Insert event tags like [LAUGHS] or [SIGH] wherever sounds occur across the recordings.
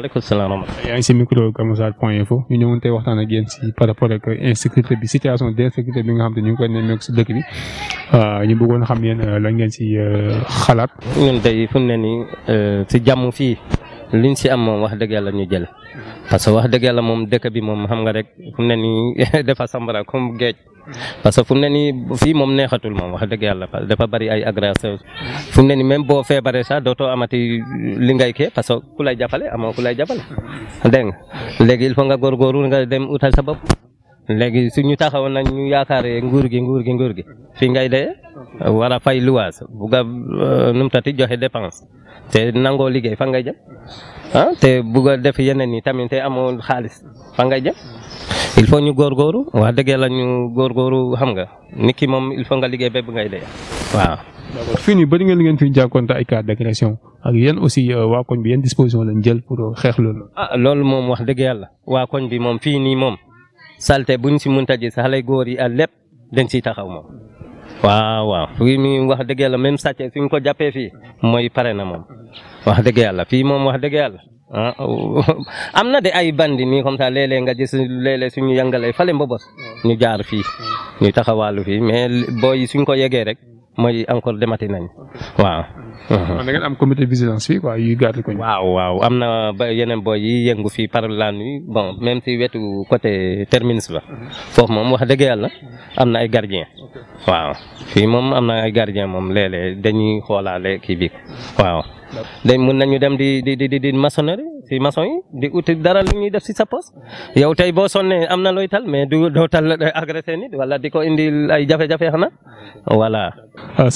waaleykum salaam rahmatulah. yaa ngi si micro Keur Massar point info ñu ñëwoon tey waxtaan ak yéen si par rapport ak insécurité bi situation d'insécurité bi nga xam te ñu ngi koy nemmeeku si dëkk bi ah, ñu bëggoon xam yéen euh, lan ngeen si euh, xalaat. ñun ne nii euh, si jàmm fii liñ si am moom wax dëgg yàlla ñu jël parce que wax dëgg yàlla moom dëkk bi moom xam nga rek fu mu ne nii [LAUGHS] dafa sambara comme géej. parce que ne nii fii moom neexatul moom wax dëgg yàlla dafa bari ay agresseurs fu ne nii même boo feebaree sax dootoo amati li ngay kee parce que ku lay jàppale amoo ku lay jàppale dégg nga léegi il faut nga góorgóorlu utal sa léegi su ñu taxaw nag ñu yaakaaree nguur gi nguur gi nguur gi fii ngay dee war a fay luwaas bugg a euh, nu mu tati joxe dépense te nangoo liggéey fa ngay jëm ah te bugg a def yeneen yi tamit te amoo xaalis fa ngay jëm il faut ñu góorgóoru wax dëgg la ñu góorgóoru xam nga nit ki moom il faut nga liggéey bépp ngay dee waaw. d'accord fii nii bëri ngeen li ngeen fi jàkkoonte ay cas d'agression ak yéen aussi euh, waa koñ bi yéen disposition lañ jël pour xeex loolu. ah loolu moom wax dëgg yàlla salte buñ si mënta gis xale góor yi ak lépp dañ siy taxaw moom. waaw waaw fii mi wax dëgg yàlla même sàcce suñ ko jàppee fii mooy pare na moom wax dëgg yàlla fii moom wax dëgg yàlla ah [LAUGHS] am na de ay bandi ni comme ça léeg nga gis léeg-léeg suñu yëngalee fale mbobos ñu jaar fii ñu taxawaalu fii mais booy suñ yegee rek. mooy encore demati nañ waaw. Ah, da am comité vigilance bi quoi ko. waaw waaw am na ba yeneen booy yi yëngu fii par la nuit bon même si wetu côté terminus la mhm. foofu moom wax dëgg yàlla am na ay gardien waaw fii moom am na ay gardien moom léeg-léeg dañuy xoolaale waaw. dañ nañu dem di di di di maçonnerie maçon di outil dara li ñuy def ci sa poste yow tay bo sonné amna mais [LAUGHS] nit voilà. Ah,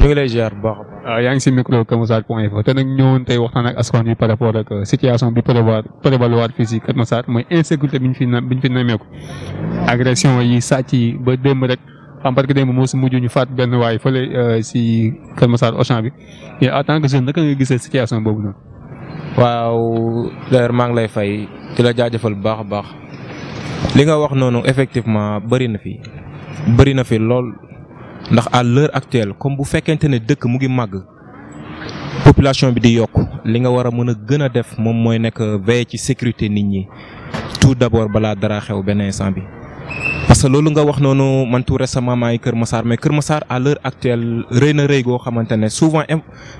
lay ñu lay ah, par euh, situation bi insécurité agression am barki démb moo si mujj ñu faat benn waay fële euh, si Kër Massar Auchan bi mais en tant que jeune naka nga gisee situation boobu noonu. waaw d'ailleurs maa ngi lay fay di la jaajëfal bu baax a baax li nga wax noonu effectivement bëri na fi bëri na fi lool ndax à l'heure actuelle comme bu fekkente ne dëkk mu ngi màgg population bi di yokk li nga war a mën a gën a def moom mooy nekk veiller ci sécurité nit ñi tout d'abord balaa dara xew benn instant bi. parce que loolu nga wax noonu man tout récemment maa ngi Massar mais keur Massar à l'heure actuelle reyna na go goo souvent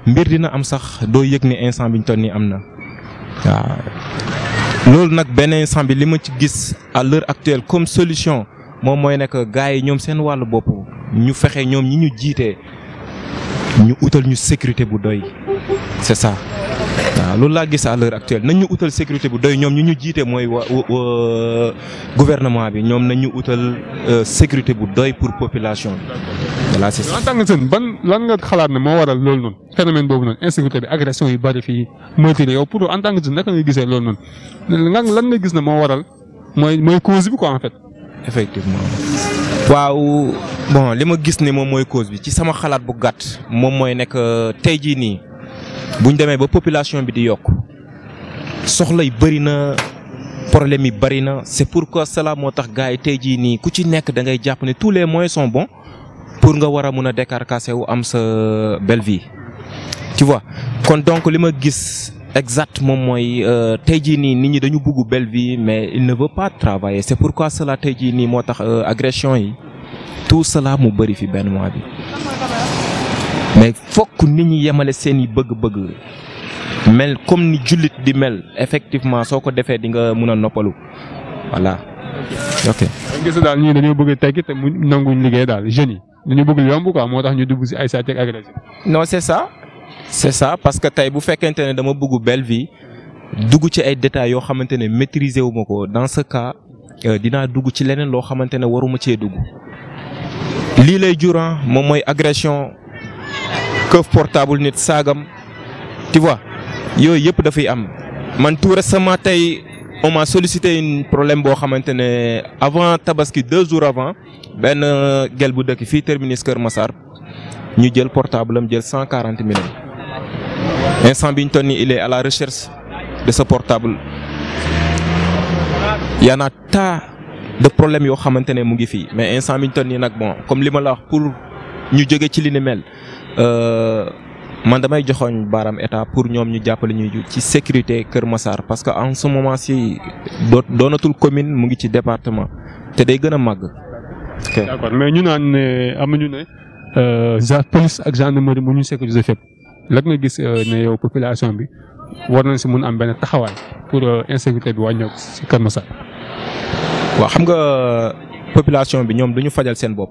mbir dina am sax do yëg instant biñ tonni amna lolu nak benen instant bi lima ci gis à l'heure actuelle comme solution mom moy nekk gaay ñom ñoom seen wàllu bopp ñu fexé ñom ñi ñu jité ñu outal ñu sécurité bu doy c'est ça. waaw loolu laa gis à l'heure actuelle nañ ñu utal sécurité bu doy ñoom ñu ñu jiite mooy wa gouvernement bi ñoom nañ ñu utal euh, sécurité bu doy pour population bi. voilà c'est ban lan nga xalaat ne moo waral loolu noonu boobu noonu insécurité bi agression yu bari fii meurtre yow pour en tant que seen naka nga gisee loolu noonu lan nga gis ne moo waral mooy mooy cause en fait. effectivement waaw bon li ma gis ne moom mooy cause bi ci sama xalaat bu gàtt moom mooy nekk euh, tey jii nii. buñ démé ba population bi di yok soxlay bari na problème yi bari na c'est pourquoi cela motax gaay gars yi tey ku ci nek da ngay japp ni tous les moyens sont bons pour nga wara mëna mun décarcasser wu am sa belle vie tu vois kon donc lima gis exact mom moy euh, tey jii nit ñi dañu bëggu belle vie mais il ne veut pas travailler c'est pourquoi cela tey jii nii euh, agression yi tout cela mu bari fi ben mois bi mais fokk nit ñi yemale seen i bëgg-bëgg mel comme ni jullit di mel effectivement soo ko defee di nga mun noppalu voilà. ok gis daal dans dañoo bëgg a tekki te mu nanguñ liggéey daal jeunes yi dañu bëgg lu yomb quoi moo tax ñu dugg si ay saa teg agressif. non c'est ça c'est ça parce que tey bu fekkente ne dama bëgg belle vie dugg ci ay détails yoo xamante ne maîtriser wu ma dans ce cas euh, dina dugg ci leneen loo xamante ne waruma cee dugg. lii lay jur ah, moom agression këf portable nit sagam tu vois yooyu yëpp dafay am man tout récemment tay on m'a sollicité un problème bo xamantene avant tabaski deux jours avant ben gel bu dëkk terminer terminus Kër Massar ñu jël portable am jël cent quarante millions instant bi il est à la recherche de ce portable il y en a tas de problèmes yoo xamante mu ngi mais instant bi ñu toll bon comme les ma pour. ñu jóge ci li ni mel euh, man damay joxoñ baaram état pour ñoom ñu jàppale ñu ci sécurité Kër Massar parce que en ce moment ci doo doonatul commune mu ngi ci département te day gën a màgg. d'accord mais ñu naan ne am ñu ne euh, genre police ak gendarmerie mu ñu sécuriser fépp lan ma gis euh, ne yow population bi war nañ si mun am benn taxawaay pour insécurité bi wàññeeku si Kër Massar. waa xam nga population bi ñoom duñu fajal seen bopp.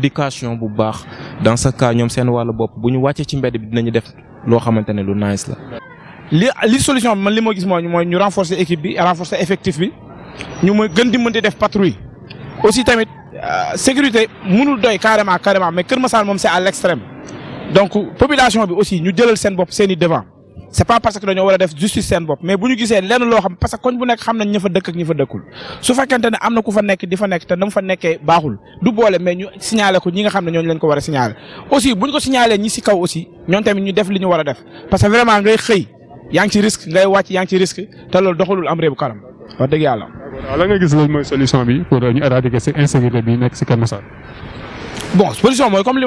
éducation bu baax dans ce cas ñom seen wàllu bop buñu ñu ci mbéd bi dinañu def lo xamante lu nice la. li li solution man li mo gis mooy mooy ñu renforcer équipe bi renforcer effectif bi ñu moy gën di mën def patrouille aussi tamit euh, sécurité mënul doy carrément carrément mais Kër Masar mom c'est à l'extrême donc population bi aussi ñu jëlal seen bop seeni devant. c'est pas parce que dañoo war a def justice seen bopp mais bu ñu gisee lenn loo xam parce que koñ bu nekk xam nañ ña dëkk ak ña dëkkul su fekkente ne am na ku fa nekk di fa nekk te na leen def li ñu war a def parce que vraiment ngay xëy yaa ngi ci risque ngay wàcc yaa ngi ci risque te loolu doxalul am réew bu kanam wax dëgg yàlla. la nga gis loolu mooy solution bi pour ñu éradiquer cette insécurité bi nekk si Kër bon solution mooy comme li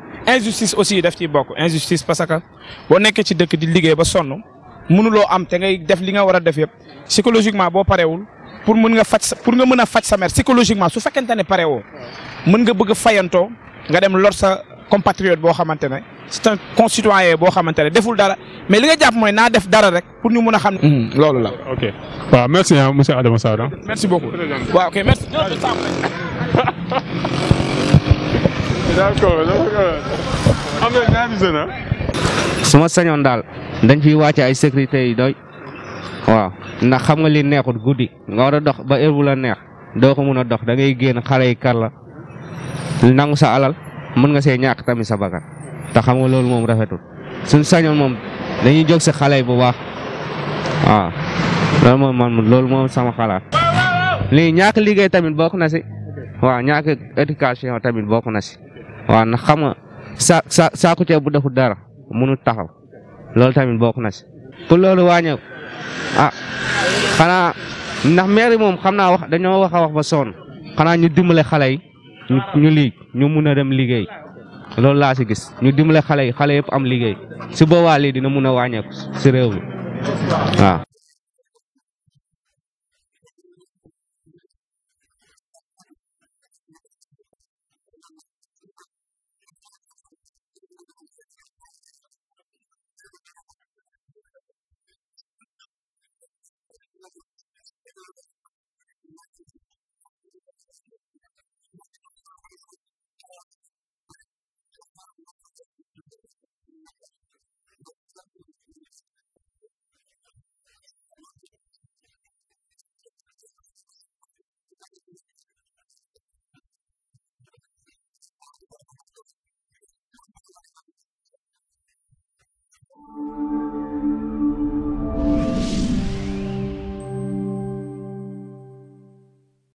injustice aussi daf ci bokk injustice parce que bo nek ci deuk di liggéey ba sonn mënuloo am te ngay def li nga wara def yépp psychologiquement boo parewul pour mën nga faj pour nga mën a sa mère psychologiquement su fekkente ne parewoo mën nga bëgg fayanto nga dem lor sa compatriote bo xamante c'est un concitoyen bo xamante deful dara mais li nga japp moy na def dara rek pour ñu mën xam. Hmm, lolu la. ok waaw merci hein, monsieur Adama Sarr. Hein. merci beaucoup wa ok merci. [LAUGHS] d'accord d'accord am na ñaari jeune su ma sañoon dañ fiy wàcce ay sécurité yi doy waaw ndax xam nga li neexut guddi nga war dox ba heure bu la neex doo ko mun dox da ngay yi nangu sa alal mën nga see ñàkk tamit sa bakkan te xam nga loolu jog rafetul suñ sañoon moom dañuy jóg si xale bu baax waaw loolu moom man loolu moom sama xalaat lii ñàkk liggéey tamit bokk na si waaw ñàkk éducation tamit na waaw ndax xam nga sa sa saako ceeb bu deful dara mënul taxaw loolu tamit bokk na si pour loolu wàññeeku ah xanaa ndax maire moom xam naa wax dañoo wax a wax ba soon xanaa ñu dimbale xale yi ñu ñu ñu mun a dem liggéey loolu laa si gis ñu dimbale xale yi xale yëpp am liggéey su boobaa dina mun a wàññeeku si réew mi